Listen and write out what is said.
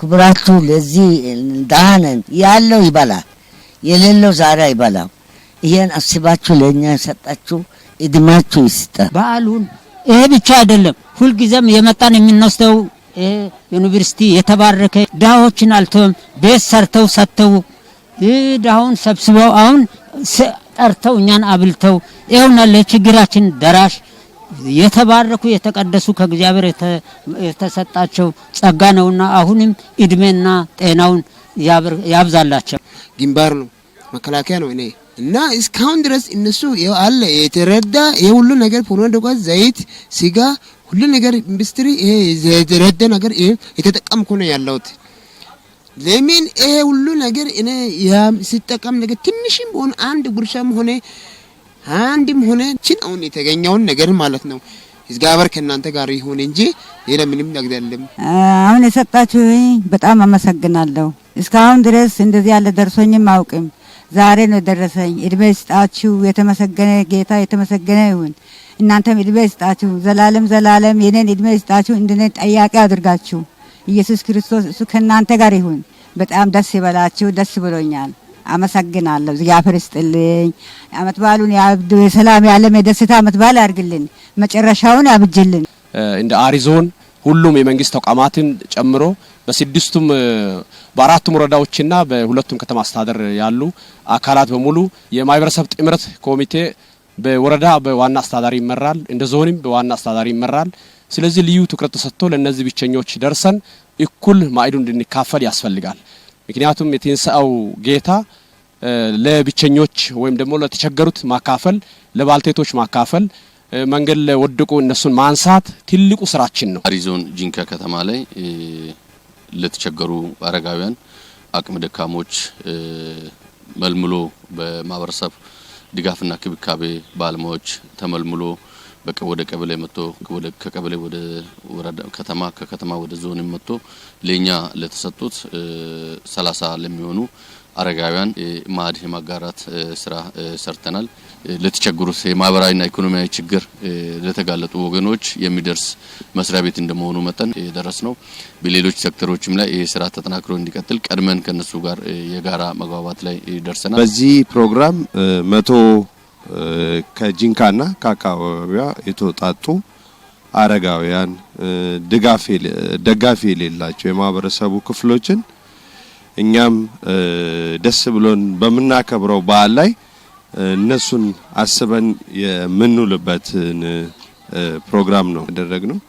ክብራችሁ ለዚህ ዳህነን ያለው ይበላ የሌለው ዛሬ አይበላም። ይሄን አስባችሁ ለእኛ የሰጣችሁ እድማችሁ ይስጠ። በዓሉን ይሄ ብቻ አይደለም፣ ሁልጊዜም የመጣን የምንወስደው ዩኒቨርሲቲ የተባረከ ድሃዎችን አልተውም። ቤት ሰርተው ሰጥተው ድሃውን ሰብስበው አሁን ጠርተው እኛን አብልተው ይኸውና ለችግራችን ደራሽ የተባረኩ የተቀደሱ ከእግዚአብሔር የተሰጣቸው ጸጋ ነውና አሁንም እድሜና ጤናውን ያብዛላቸው። ግንባር ነው፣ መከላከያ ነው እኔ እና እስካሁን ድረስ እነሱ አለ የተረዳ የሁሉ ነገር ፖሎ ደጓዝ ዘይት፣ ሲጋ ሁሉ ነገር ኢንዱስትሪ የተረዳ ነገር የተጠቀምኩ ነው ያለሁት። ለምን ይሄ ሁሉ ነገር እኔ ሲጠቀም ነገር ትንሽም ሆነ አንድ ጉርሻም ሆነ አንድም ሆነ ችን አሁን የተገኘውን ነገር ማለት ነው። እግዚአብሔር ከእናንተ ጋር ይሁን እንጂ ሌላ ምንም ነገር የለም። አሁን የሰጣችሁኝ በጣም አመሰግናለሁ። እስካሁን ድረስ እንደዚህ ያለ ደርሶኝም አውቅም። ዛሬ ነው ደረሰኝ። እድሜ ይስጣችሁ። የተመሰገነ ጌታ የተመሰገነ ይሁን። እናንተም እድሜ ይስጣችሁ። ዘላለም ዘላለም የኔን እድሜ ይስጣችሁ። እንደኔ ጠያቂ አድርጋችሁ ኢየሱስ ክርስቶስ እሱ ከእናንተ ጋር ይሁን። በጣም ደስ ይበላችሁ። ደስ ብሎኛል። አመሰግናለሁ። እግዚአብሔር ይስጥልኝ። አመት በዓሉን ያብዱ፣ የሰላም የዓለም የደስታ አመት በዓል ያድርግልን፣ መጨረሻውን ያብጅልን። እንደ አሪዞን ሁሉም የመንግስት ተቋማትን ጨምሮ በስድስቱም በአራቱም ወረዳዎችና በሁለቱም ከተማ አስተዳደር ያሉ አካላት በሙሉ የማህበረሰብ ጥምረት ኮሚቴ በወረዳ በዋና አስተዳዳሪ ይመራል፣ እንደ ዞንም በዋና አስተዳዳሪ ይመራል። ስለዚህ ልዩ ትኩረት ተሰጥቶ ለእነዚህ ብቸኞች ደርሰን እኩል ማዕዱን እንድንካፈል ያስፈልጋል። ምክንያቱም የትንሣኤው ጌታ ለብቸኞች ወይም ደግሞ ለተቸገሩት ማካፈል፣ ለባልቴቶች ማካፈል፣ መንገድ ለወደቁ እነሱን ማንሳት ትልቁ ስራችን ነው። አሪዞን ጂንካ ከተማ ላይ ለተቸገሩ አረጋውያን፣ አቅም ደካሞች መልምሎ በማህበረሰብ ድጋፍና ክብካቤ ባለሙያዎች ተመልምሎ ወደ ቀበሌ መጥቶ ከቀበሌ ወደ ወረዳ ከተማ ከከተማ ወደ ዞን መጥቶ ለኛ ለተሰጡት ሰላሳ ለሚሆኑ አረጋውያን ማዕድ የማጋራት ስራ ሰርተናል። ለተቸገሩት የማህበራዊና ኢኮኖሚያዊ ችግር ለተጋለጡ ወገኖች የሚደርስ መስሪያ ቤት እንደመሆኑ መጠን የደረስ ነው። በሌሎች ሴክተሮችም ላይ ይህ ስራ ተጠናክሮ እንዲቀጥል ቀድመን ከነሱ ጋር የጋራ መግባባት ላይ ደርሰናል። በዚህ ፕሮግራም መቶ ከጂንካና ከአካባቢዋ የተወጣጡ አረጋውያን ደጋፊ የሌላቸው የማህበረሰቡ ክፍሎችን እኛም ደስ ብሎን በምናከብረው በዓል ላይ እነሱን አስበን የምንውልበትን ፕሮግራም ነው ያደረግነው።